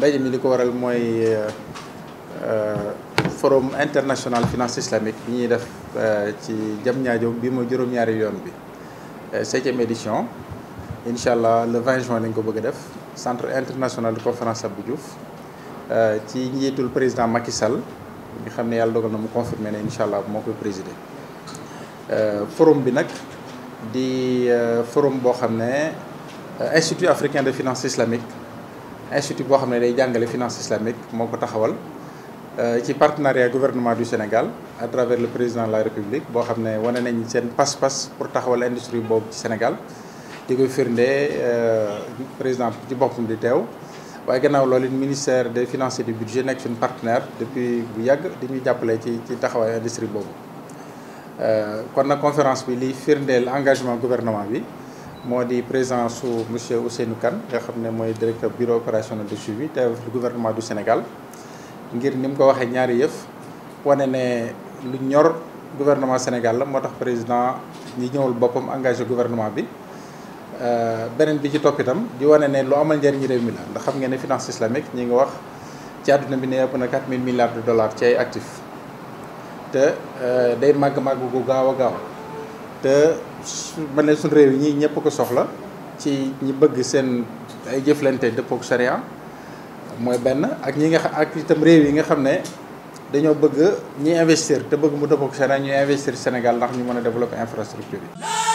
ndaje mi li ko waral mooy euh, forum international finance islamique bi ñuy def euh, ci Diamniadio bi mooy juróom-ñaari yoon bi euh, septième édition incha allah le 20 juin lañ ko bëgg a def centre international de conférence Abdou Diouf ci njiitul président Macky Sall nga xam ne yàlla dogal na mu confirmé ne incha allah moo koy présider forum bi nag di forum boo xam ne institut africain de finance islamique institut boo xam ne day jàngale finance islamique moo ko taxawal euh, ci partenariat gouvernement du Sénégal à travers le président de la République boo xam ne wane nañ seen pas-pas pour taxawal industrie boobu ci Sénégal di koy firnde euh, président ci boppam di teew waaye gannaaw loolu it ministère des finances et du budget nekk suñu partenaire depuis bu yàgg di ñuy jàppale ci ci taxawaayu industrie boobu euh, kon nag conférence bi liy firndeel engagement gouvernement bi moo di présence su monsieur Ousseynou kan nga xam ne mooy directeur bureau opérationnel de suivi te du gouvernement du Sénégal ngir ni mu ko waxee ñaari yëf wane ne lu ñor gouvernement Sénégal la moo tax président ñi ñëwul boppam engagé gouvernement bi euh, beneen bi ci toppitam di wane ne lu amal njëriñu réew mi la ndax xam ngeen ne finance islamique ñi nga wax ci àdduna bi ne ëpp na 4000 milliards de dollars ci ay actifs te euh, day màgg-màgg gu gaaw a gaaw te. ma ne suñ réew yi ñii ñëpp ko soxla ci ñi bëgg seen ay jëflante dëppook sharia mooy benn ak ñi nga xam ak itam réew yi nga xam ne dañoo bëgg ñi investir te bëgg mu dëppook sharia ñuy investir Sénégal ndax ñu mën a développer infrastructure yi